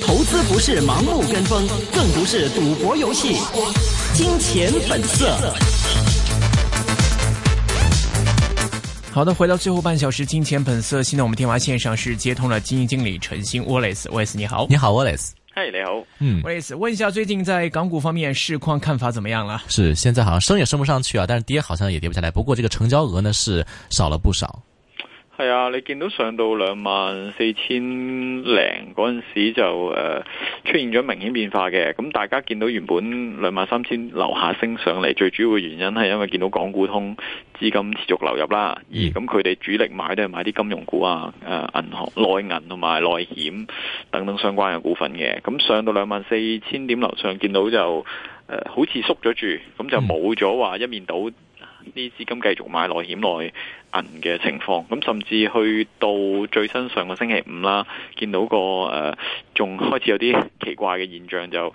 投資不是盲目跟風，更不是賭博遊戲。金錢本色。好的，回到最後半小時，金錢本色。現在我們電話線上是接通了基金經理陳昕 Wallace，Wallace 你好，你好 Wallace，嗨，你好，嗯 Wallace，問一下最近在港股方面市況看法怎麼樣了？是現在好像升也升不上去啊，但是跌好像也跌不下來。不過這個成交額呢是少了不少。係啊，你見到上到兩萬四千零嗰陣時候就誒、呃、出現咗明顯變化嘅，咁大家見到原本兩萬三千樓下升上嚟，最主要嘅原因係因為見到港股通資金持續流入啦，而咁佢哋主力買都係買啲金融股啊，誒銀行內銀同埋內險等等相關嘅股份嘅，咁上到兩萬四千點樓上見到就誒、呃、好似縮咗住，咁就冇咗話一面倒啲資金繼續買內險內。銀嘅情況，咁甚至去到最新上個星期五啦，見到個誒，仲、呃、開始有啲奇怪嘅現象，就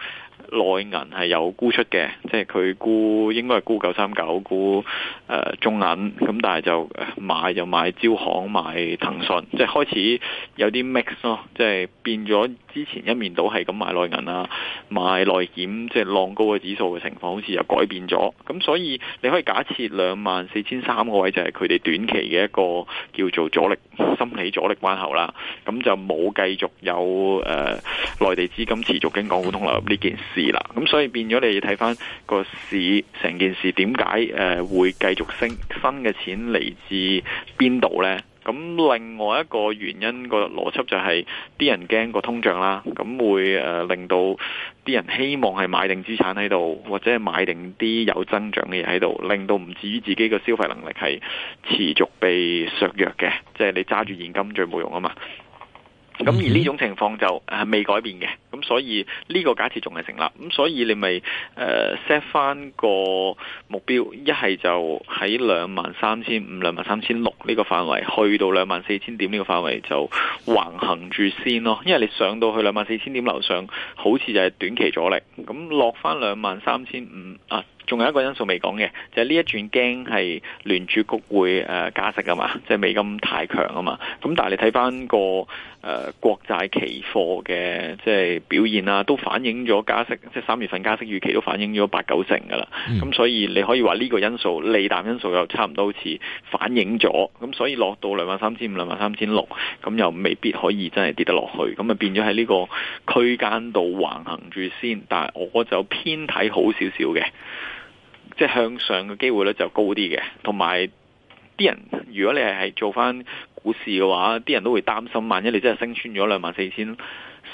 內銀係有沽出嘅，即係佢沽應該係沽九三九沽誒中銀，咁但係就買就買招行、買騰訊，即係開始有啲 mix 咯，即係變咗之前一面倒係咁買內銀啊，買內險，即係浪高嘅指數嘅情況，好似又改變咗，咁所以你可以假設兩萬四千三個位就係佢哋短。期嘅一個叫做阻力，心理阻力關口啦，咁就冇繼續有誒、呃、內地資金持續經港股通流入呢件事啦，咁所以變咗你睇翻個市成件事，點解誒會繼續升，新嘅錢嚟自邊度咧？咁另外一個原因個邏輯就係啲人驚個通脹啦，咁會令到啲人希望係買定資產喺度，或者係買定啲有增長嘅嘢喺度，令到唔至於自己嘅消費能力係持續被削弱嘅，即係你揸住現金最冇用啊嘛。咁而呢種情況就誒未改變嘅。咁所以呢個假設仲係成立，咁所以你咪誒 set 翻個目標，一係就喺兩萬三千五、兩萬三千六呢個範圍，去到兩萬四千點呢個範圍就橫行住先咯。因為你上到去兩萬四千點樓上，好似就係短期阻力。咁落翻兩萬三千五啊，仲有一個因素未講嘅，就係呢一轉驚係聯儲局會誒加息啊嘛，即係未咁太強啊嘛。咁但係你睇翻個誒國債期貨嘅，即係。表現啦、啊，都反映咗加息，即係三月份加息預期都反映咗八九成噶啦。咁、嗯、所以你可以話呢個因素利淡因素又差唔多好似反映咗。咁所以落到兩萬三千五、兩萬三千六，咁又未必可以真係跌得落去。咁啊變咗喺呢個區間度橫行住先。但係我就偏睇好少少嘅，即係向上嘅機會咧就高啲嘅。同埋啲人如果你係做翻股市嘅話，啲人都會擔心，萬一你真係升穿咗兩萬四千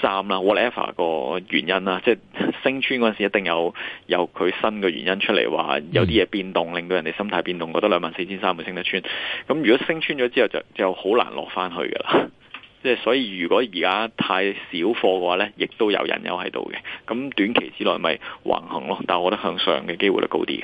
三啦，whatever 個原因啦、啊，即係升穿嗰陣時一定有有佢新嘅原因出嚟，話有啲嘢變動，令到人哋心態變動，覺得兩萬四千三會升得穿。咁如果升穿咗之後就就好難落翻去噶啦，即係所以如果而家太少貨嘅話咧，亦都有人有喺度嘅。咁短期之內咪橫行咯，但我覺得向上嘅機會率高啲嘅。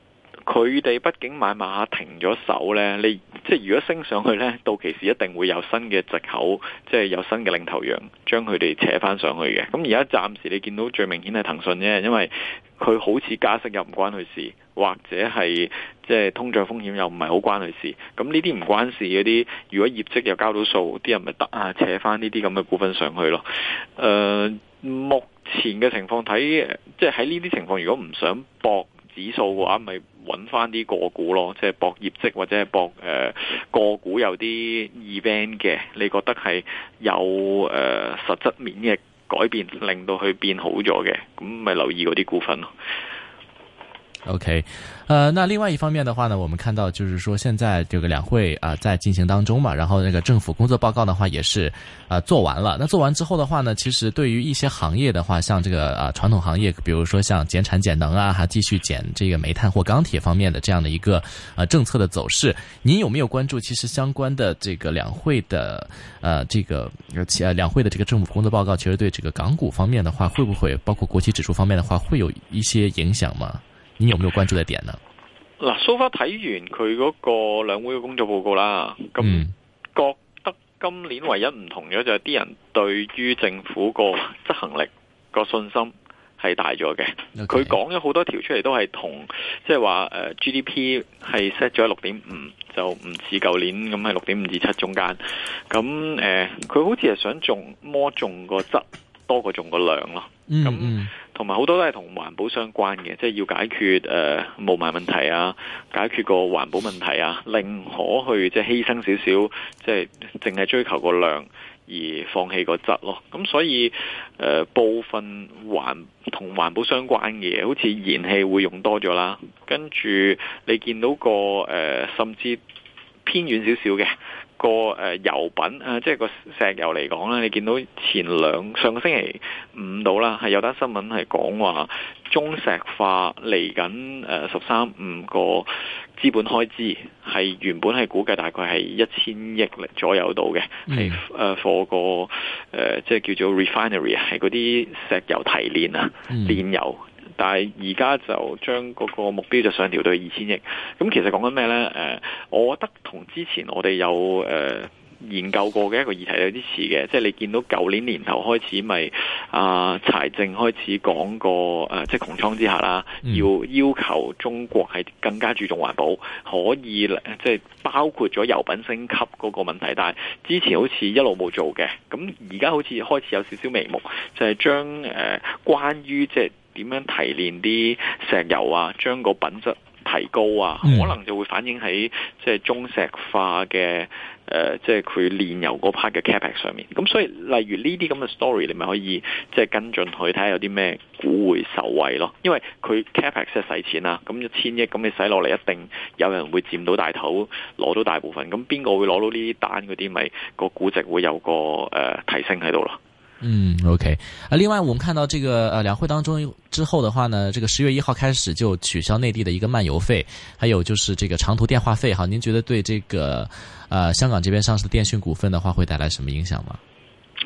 佢哋畢竟買馬停咗手呢，你即係如果升上去呢，到期時一定會有新嘅藉口，即係有新嘅領頭羊將佢哋扯翻上去嘅。咁而家暫時你見到最明顯係騰訊啫，因為佢好似加息又唔關佢事，或者係即係通脹風險又唔係好關佢事。咁呢啲唔關事嗰啲，如果業績又交到數，啲人咪得啊扯翻呢啲咁嘅股份上去咯。誒、呃，目前嘅情況睇，即係喺呢啲情況，如果唔想博指數嘅話，咪，揾翻啲個股咯，即、就、係、是、博業績或者係博誒個、呃、股有啲 event 嘅，你覺得係有誒、呃、實質面嘅改變，令到佢變好咗嘅，咁咪留意嗰啲股份咯。OK，呃，那另外一方面的話呢，我們看到就是說現在這個兩會啊、呃、在進行當中嘛，然後那個政府工作報告的話也是啊、呃、做完了。那做完之後的話呢，其實對於一些行業的話，像這個啊、呃、傳統行業，比如說像減產減能啊，還繼續減這個煤炭或鋼鐵方面的這樣的一個呃政策的走勢，您有沒有關注？其實相關的這個兩會的呃這個呃兩會的這個政府工作報告，其實對這個港股方面的話，會不會包括國企指數方面的話，會有一些影響嗎？你有沒有關注的點呢、啊？嗱，So far 睇完佢嗰個兩會嘅工作報告啦，咁、嗯、覺得今年唯一唔同咗就係啲人對於政府個執行力個信心係大咗嘅。佢講咗好多條出嚟，都係同即係話誒 GDP 係 set 咗六點五，就唔似舊年咁係六點五至七中間。咁誒，佢、呃、好似係想重，多重個質多過重個量咯。咁、嗯嗯同埋好多都係同環保相關嘅，即係要解決誒霧霾問題啊，解決個環保問題啊，寧可去即係犧牲少少，即係淨係追求個量而放棄個質咯。咁所以、呃、部分環同環保相關嘅嘢，好似燃氣會用多咗啦，跟住你見到個誒、呃，甚至偏遠少少嘅。個油品啊，即係個石油嚟講咧，你見到前兩上個星期五到啦，係有單新聞係講話中石化嚟緊誒十三五個資本開支，係原本係估計大概係一千億左右到嘅，係貨、mm. 啊、個、呃、即係叫做 refinery 啊，係嗰啲石油提煉啊，煉油。但係而家就將嗰個目標就上調到二千億。咁其實講緊咩呢？誒，我覺得同之前我哋有誒研究過嘅一個議題有啲似嘅，即係你見到舊年年頭開始，咪啊柴靜開始講過誒，即係穹頂之下啦，要要求中國係更加注重環保，可以即係包括咗油品升級嗰個問題。但係之前好似一路冇做嘅，咁而家好似開始有少少眉目，就係將誒，呃，關於即係。點樣提煉啲石油啊？將個品質提高啊？可能就會反映喺即係中石化嘅、呃、即係佢煉油嗰 part 嘅 capex 上面。咁所以，例如呢啲咁嘅 story，你咪可以即係跟進去睇下有啲咩股會受惠咯。因為佢 capex 即係使錢啊，咁一千億，咁你使落嚟一定有人會佔到大頭，攞到大部分。咁邊個會攞到呢啲單？嗰啲咪個估值會有個、呃、提升喺度咯。嗯，OK，啊，另外我們看到這個，呃，兩會當中之後的話呢，這個十月一號開始就取消內地的一個漫遊費，還有就是這個長途電話費，哈，您覺得對這個，呃，香港這邊上市的電訊股份的話會帶來什麼影響嗎？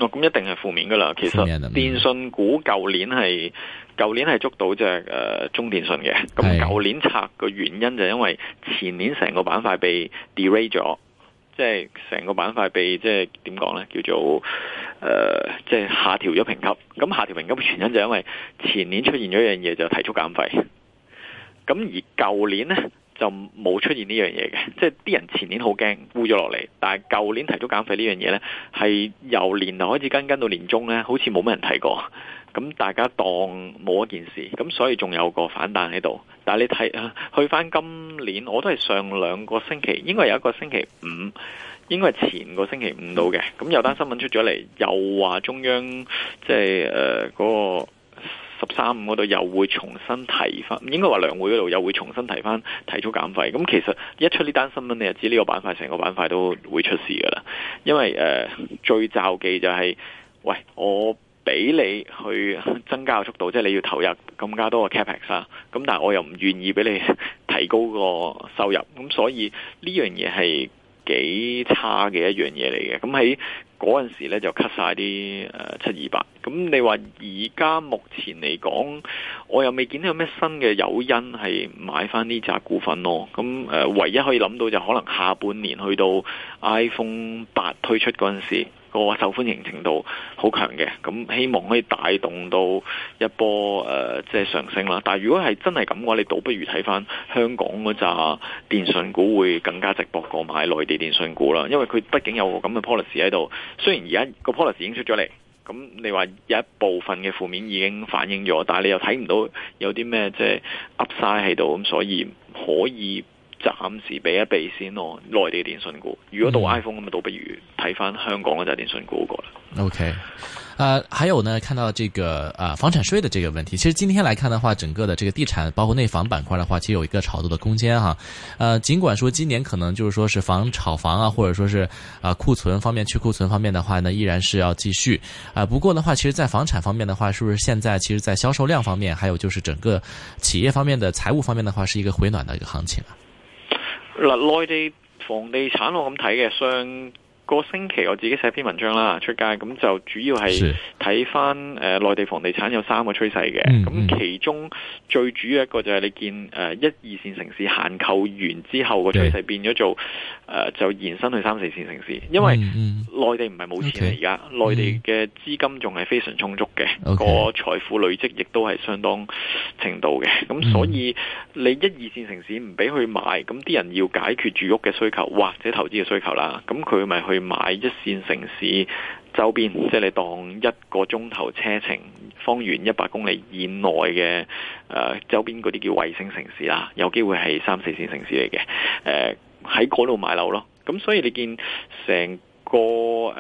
哦，咁、嗯、一定係負面噶啦，其實電訊股舊年係舊年係捉到隻，誒、呃，中電信嘅，咁舊年拆嘅原因就因為前年成個板塊被 derate 咗。即係成個板塊被即係點講呢？叫做、呃、即係下調咗評級。咁下調評級嘅原因就因為前年出現咗一樣嘢就提速減費。咁而舊年呢，就冇出現呢樣嘢嘅，即係啲人前年好驚沽咗落嚟，但係舊年提速減費呢樣嘢呢，係由年頭開始跟跟到年中呢，好似冇乜人提過。咁大家當冇一件事，咁所以仲有個反彈喺度。但係你睇啊，去翻今年我都係上兩個星期，應該有一個星期五，應該係前個星期五到嘅。咁有單新聞出咗嚟，又話中央即係誒嗰個十三五嗰度又會重新提翻，應該話兩會嗰度又會重新提翻提速減費。咁其實一出呢單新聞，你就知呢個板塊成個板塊都會出事噶啦。因為誒、呃、最就忌就係、是、喂我。俾你去增加速度，即係你要投入更加多個 capex 啦。咁但係我又唔願意俾你提高個收入，咁所以呢樣嘢係幾差嘅一樣嘢嚟嘅。咁喺嗰陣時就 cut 曬啲七二八。咁你話而家目前嚟講，我又未見到有咩新嘅誘因係買翻呢隻股份咯。咁唯一可以諗到就可能下半年去到 iPhone 八推出嗰陣時。個受歡迎程度好強嘅，咁希望可以帶動到一波即係、呃就是、上升啦。但如果係真係咁嘅話，你倒不如睇翻香港嗰紮電信股會更加直播過買內地電信股啦，因為佢畢竟有個咁嘅 policy 喺度。雖然而家個 policy 已經出咗嚟，咁你話有一部分嘅負面已經反映咗，但你又睇唔到有啲咩即係 up 晒喺度，咁、呃、所以可以。暫時避一避先咯。內地電信股，如果到 iPhone 咁，倒不如睇翻香港嘅就係電信股過啦。OK，啊、呃。還有呢？看到這個誒、呃，房產稅的這個問題，其實今天來看的話，整個的這個地產包括內房板塊的話，其實有一個炒作的空間哈、啊。誒、呃，儘管說今年可能就是說是房炒房啊，或者說是啊、呃、庫存方面去庫存方面的話呢，依然是要繼續啊、呃。不過的話，其實在房產方面的話，是不是現在其實在銷售量方面，還有就是整個企業方面的財務方面的話，是一個回暖的一個行情啊。嗱，內地房地產我咁睇嘅相個星期我自己寫篇文章啦，出街咁就主要係睇返誒內地房地產有三個趨勢嘅，咁、嗯、其中最主要一個就係你見誒、呃、一、二線城市限購完之後個趨勢變咗做誒 Okay.、呃，就延伸去三四線城市，因為內地唔係冇錢啦，而家 Okay. 內地嘅資金仲係非常充足嘅，個 Okay. 財富累積亦都係相當程度嘅，咁所以你一、二線城市唔俾去買，咁啲人要解決住屋嘅需求或者投資嘅需求啦，咁佢咪去。去買一線城市周邊，即係你當一個鐘頭車程，方圓一百公里以內嘅誒周邊嗰啲叫衛星城市啦，有機會係三四線城市嚟嘅。誒、呃，喺嗰度買樓咯，咁所以你見成。那個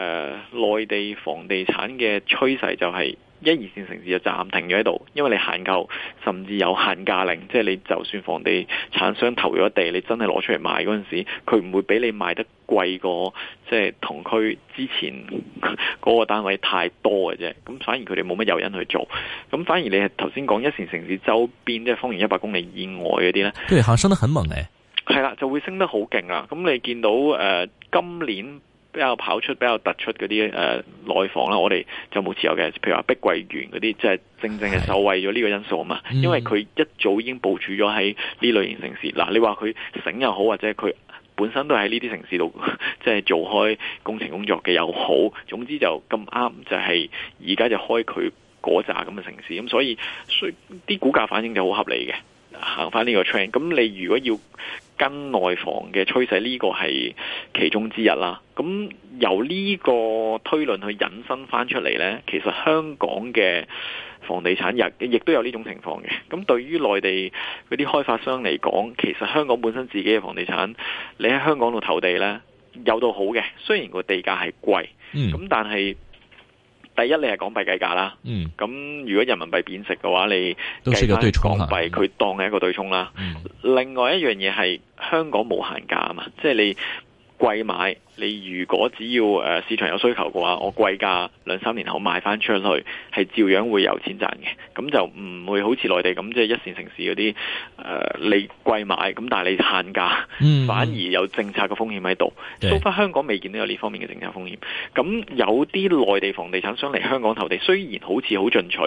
誒內地房地產嘅趨勢就係一二線城市就暫停咗喺度，因為你限購，甚至有限價令，即係你就算房地產商投咗地，你真係攞出嚟賣嗰陣時，佢唔會畀你賣得貴過即係同區之前嗰個單位太多嘅啫。咁反而佢哋冇乜誘因去做，咁反而你係頭先講一線城市周邊即係方圓一百公里以外嗰啲咧，對，係升得很猛嘅，係啦，就會升得好勁啦。咁你見到誒今年。比較跑出比較突出嗰啲誒內房啦，我哋就冇持有嘅。譬如話碧桂園嗰啲，即係正正係受惠咗呢個因素啊嘛。因為佢一早已經部署咗喺呢類型城市。嗱，你話佢醒又好，或者佢本身都喺呢啲城市度即係做開工程工作嘅又好。總之就咁啱就係而家就開佢嗰扎咁嘅城市，咁所以需啲股價反應就好合理嘅。行翻呢個 train，咁你如果要跟內房嘅趨勢，呢個係其中之一啦。咁由呢個推論去引申翻出嚟呢，其實香港嘅房地產亦亦都有呢種情況嘅。咁對於內地嗰啲開發商嚟講，其實香港本身自己嘅房地產，你喺香港度投地呢，有到好嘅，雖然個地價係貴，咁但係。第一你係港幣計價啦，咁、嗯、如果人民幣貶值嘅話，你計翻港幣佢當係一個對沖啦。沖、嗯、另外一樣嘢係香港冇限價啊嘛，嗯、即係你貴買。你如果只要、呃，市場有需求嘅話，我貴價兩三年後賣翻出去，係照樣會有錢賺嘅。咁就唔會好似內地咁，即係一線城市嗰啲誒你貴買咁，但係你限價，反而有政策嘅風險喺度。so far 香港未見到有呢方面嘅政策風險，咁有啲內地房地產商嚟香港投地，雖然好似好進取、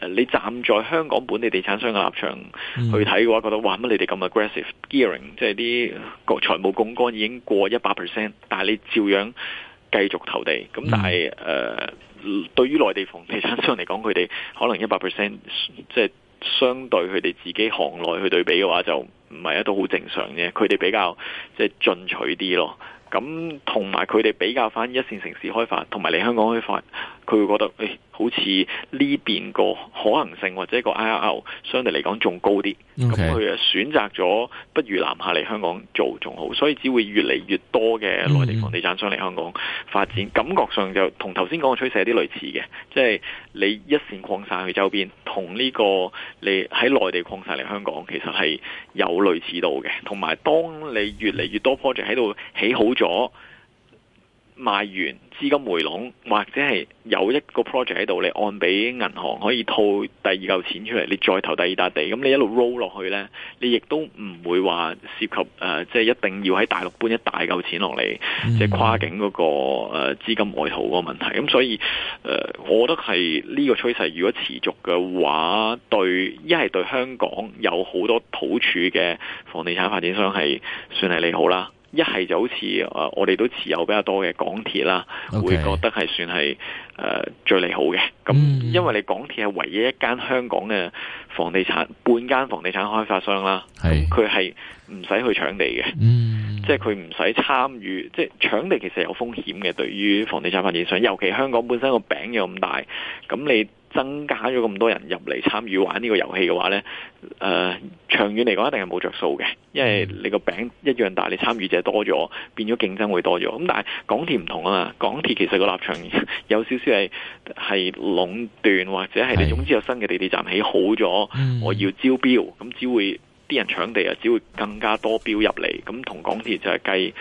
呃，你站在香港本地地產商嘅立場去睇嘅話，覺得話乜你哋咁 aggressive gearing，即係啲財務槓杆已經過一百 percent，但係你照樣繼續投地，咁但係誒、mm hmm. 呃，對於內地房地產商嚟講，佢哋可能一百 percent，即係相對佢哋自己行內去對比嘅話就，就唔係一都好正常啫。佢哋比較即係進取啲咯，咁同埋佢哋比較翻一線城市開發，同埋嚟香港開發，佢會覺得誒好似呢邊個可能性或者個 IRR 相對嚟講仲高啲，咁佢就選擇咗不如南下嚟香港做仲好，所以只會越嚟越多嘅內地房地產商嚟香港發展，mm hmm. 感覺上就同頭先講嘅趨勢有啲類似嘅，即係你一線擴散去周邊，同呢個你喺內地擴散嚟香港其實係有類似度嘅，同埋當你越嚟越多 project 喺度起好咗。賣完資金回籠，或者係有一個 project 喺度，你按俾銀行可以套第二嚿錢出嚟，你再投第二笪地，咁你一路 roll 落去呢，你亦都唔會話涉及、呃、即係一定要喺大陸搬一大嚿錢落嚟，即係跨境嗰、嗰個、呃、資金外逃嗰個問題。咁所以誒、呃，我覺得係呢個趨勢，如果持續嘅話，對一係對香港有好多土儲嘅房地產發展商係算係利好啦。一係就好似誒、呃，我哋都持有比較多嘅港鐵啦，Okay. 會覺得係算係誒、呃、最利好嘅。咁、嗯、因為你港鐵係唯一一間香港嘅房地產半間房地產開發商啦，咁佢係唔使去搶地嘅，嗯、即係佢唔使參與，即係搶地其實有風險嘅。對於房地產發展商，尤其香港本身個餅有咁大，咁你，增加咗咁多人入嚟參與玩呢個遊戲嘅話呢誒、呃、長遠嚟講一定係冇著數嘅，因為你個餅一樣大，你參與者多咗，變咗競爭會多咗。咁但係港鐵唔同啊嘛，港鐵其實個立場有少少係係壟斷，或者係你總之有新嘅地鐵站起好咗，我要招標，咁只會啲人搶地啊，只會更加多標入嚟，咁同港鐵就係計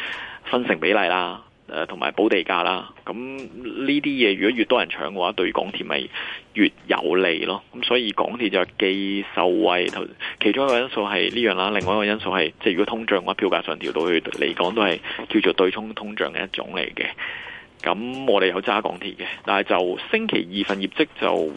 分成比例啦。誒同埋補地價啦，咁呢啲嘢如果越多人搶嘅話，對港鐵咪越有利咯。咁所以港鐵就既受惠，其中一個因素係呢樣啦，另外一個因素係即係如果通脹嘅話，票價上調到去嚟講都係叫做對沖通脹嘅一種嚟嘅。咁我哋有揸港鐵嘅，但係就星期二份業績就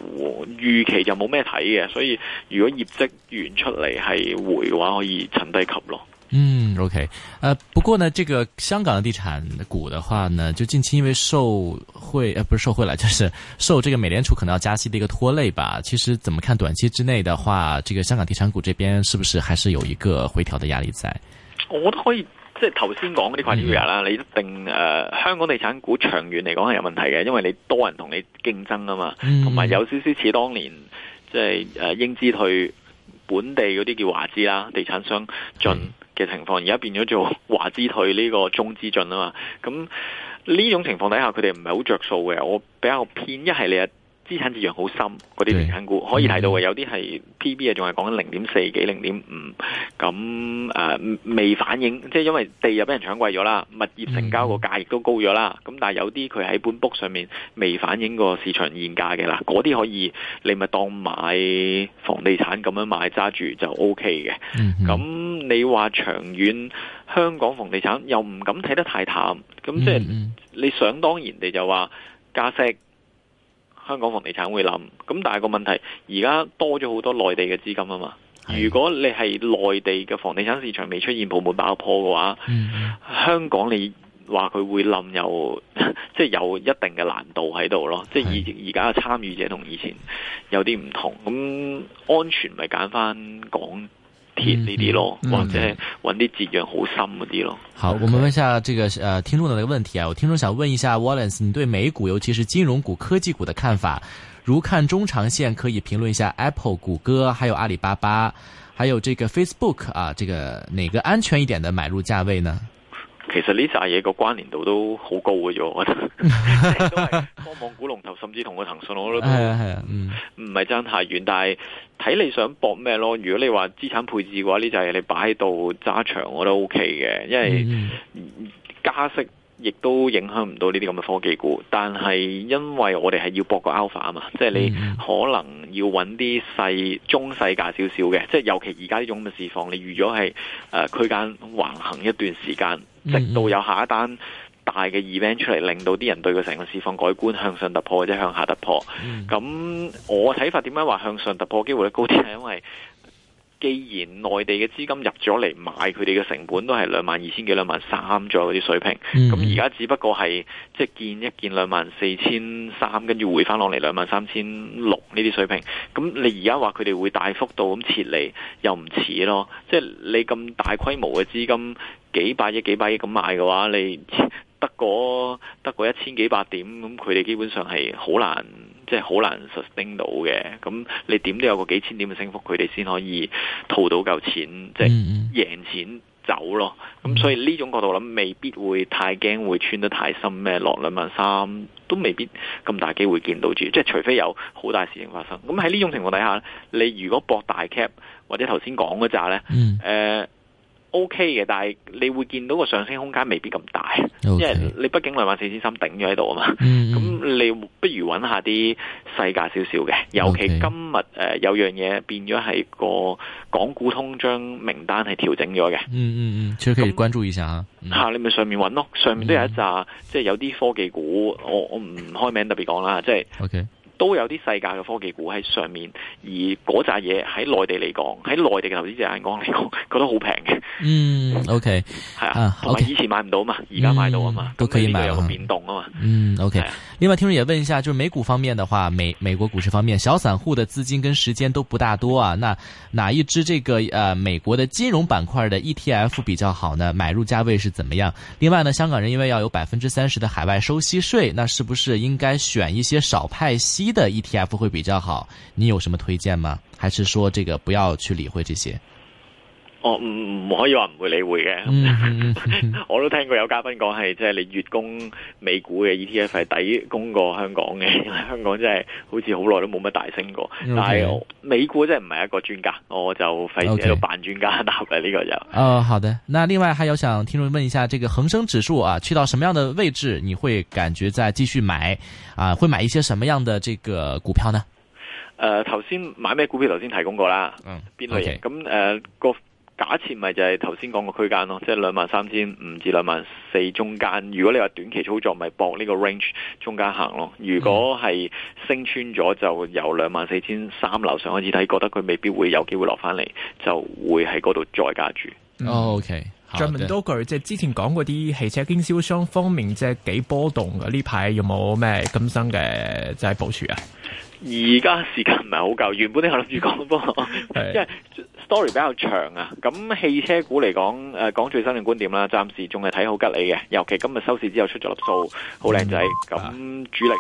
預期就冇咩睇嘅，所以如果業績完出嚟係回嘅話，可以趁低吸咯。嗯。O、okay. K，呃，不過呢，這個香港的地產股的話呢，就近期因為受會呃、啊，不是受會了就是受這個美聯儲可能要加息的一個拖累吧。其實怎麼看短期之內的話，這個香港地產股這邊是不是還是有一個回調的壓力在？我都可以，即係頭先講嗰啲觀點入啦，嗯、你一定，誒、呃，香港地產股長遠嚟講係有問題嘅，因為你多人同你競爭啊嘛，同埋、嗯、有,有少少似當年，即係誒英資退。本地嗰啲叫華資啦，地產商進嘅情況，而家變咗做華資退呢個中資進啊嘛，咁呢種情況底下，佢哋唔係好着數嘅，我比較偏一係你。資產質量好深，嗰啲地產股對可以睇到嘅，mm hmm. 有啲係 P/B 啊，仲係講緊零點四幾 5,、零點五咁未反映，即係因為地又俾人搶貴咗啦，物業成交個價亦都高咗啦。咁、mm hmm. 但係有啲佢喺本 book 上面未反映個市場現價嘅啦，嗰啲可以你咪當買房地產咁樣買揸住就 O K 嘅。咁、mm hmm. 你話長遠香港房地產又唔敢睇得太淡，咁即係你想當然地就話加息。香港房地產會冧，咁但係個問題，而家多咗好多內地嘅資金啊嘛。如果你係內地嘅房地產市場未出現泡沫爆破嘅話，嗯、香港你話佢會冧，有，即、就、係、係、有一定嘅難度喺度咯。即係而而家嘅參與者同以前有啲唔同，咁安全咪揀翻港。鐵呢啲咯，或者揾啲折讓好深啲咯。好，我們問一下這個呃聽眾的那個問題啊，我聽眾想問一下 Wallace，你對美股，尤其是金融股、科技股的看法？如看中長線，可以評論一下 Apple、谷歌，還有阿里巴巴，還有這個 Facebook 啊，這個哪個安全一點的買入價位呢？其實呢拃嘢個關聯度都好高嘅啫，我覺得 都係科網股龍頭，甚至同個騰訊我都唔係爭太遠。但係睇你想搏咩咯？如果你話資產配置嘅話，呢就係你擺喺度揸長，我都 O K 嘅。因為加息亦都影響唔到呢啲咁嘅科技股。但係因為我哋係要搏個 alpha 啊嘛，即係你可能要搵啲細中細價少少嘅，即係尤其而家呢種嘅市況，你預咗係誒區間橫行一段時間。直到有下一單大嘅 event 出嚟，令到啲人對佢成個市況改觀，向上突破或者向下突破。咁、mm hmm. 我睇法點解話向上突破機會率高啲咧？係因為既然內地嘅資金入咗嚟買，佢哋嘅成本都係兩萬二千幾、兩萬三左右啲水平。咁而家只不過係即係見一見兩萬四千三，跟住回翻落嚟兩萬三千六呢啲水平。咁你而家話佢哋會大幅度咁撤離，又唔似咯？即係你咁大規模嘅資金。幾百億、幾百億咁賣嘅話，你得過得過一千幾百點，咁佢哋基本上係好難，即係好難 sustain 到嘅。咁你點都有個幾千點嘅升幅，佢哋先可以套到嚿錢，即係贏錢走咯。咁、mm hmm. 所以呢種角度諗，未必會太驚會穿得太深咩？落兩萬三都未必咁大機會見到住，即係除非有好大事情發生。咁喺呢種情況底下，你如果博大 cap 或者頭先講嗰扎呢？誒、mm。Hmm. 呃 O K 嘅，但係你會見到個上升空間未必咁大，Okay. 因為你畢竟兩萬四千三頂咗喺度啊嘛。咁、嗯嗯、你不如揾下啲細價少少嘅，尤其今日誒 Okay.、呃、有樣嘢變咗係個港股通將名單係調整咗嘅、嗯。嗯嗯嗯，咁可以關注一下吓，那嗯、你咪上面揾咯，上面都有一紮，嗯、即係有啲科技股，我我唔開名特別講啦，即係 O K。都有啲世界嘅科技股喺上面，而嗰扎嘢喺內地嚟講，喺內地嘅投資者眼光嚟講，覺得好平嘅。嗯，OK，係啊，我、嗯 okay, 以前買唔到嘛，而家買到啊嘛，都可以買有個變動啊嘛。嗯，OK。另外，聽眾也問一下，就是、美股方面的話，美美國股市方面，小散戶的資金跟時間都不大多啊。那哪一支這個，呃，美國的金融板塊的 ETF 比較好呢？買入價位是怎麼樣？另外呢，香港人因為要有百分之三十的海外收息稅，那是不是應該選一些少派息？的 ETF 會比較好，你有什麼推薦嗎？還是說這個不要去理會這些？我唔唔可以話唔會理會嘅，嗯嗯、 我都聽過有嘉賓講係，即、就、係、是、你月供美股嘅 ETF 係抵供過香港嘅，因為香港真係好似好耐都冇乜大升過。Okay. 但係美股真係唔係一個專家，我就費事喺度扮專家答嘅呢 Okay. 個就。哦、呃，好的。那另外還有想聽眾問一下，這個恒生指數啊，去到什麼樣的位置你會感覺再繼續買？啊、呃，會買一些什麼樣的這個股票呢？誒、呃，頭先買咩股票，頭先提供過啦，嗯，邊類型？咁誒 Okay.、呃、個。假設咪就係頭先講個區間咯，即係兩萬三千五至兩萬四中間。如果你話短期操作，咪搏呢個 range 中間行咯。如果係升穿咗，就由兩萬四千三樓上開始睇，覺得佢未必會有機會落翻嚟，就會喺嗰度再加注。嗯、o、oh, k、okay. 再問多句，即係之前講嗰啲汽車經銷商方面，即係幾波動啊呢排，有冇咩更新嘅即係部署啊？而家時間唔係好夠，原本呢我諗住講噃， 是的 因為 story 比較長啊。咁汽車股嚟講，誒、呃、講最新嘅觀點啦，暫時仲係睇好吉利嘅，尤其今日收市之後出咗粒數，好靚仔。咁主力。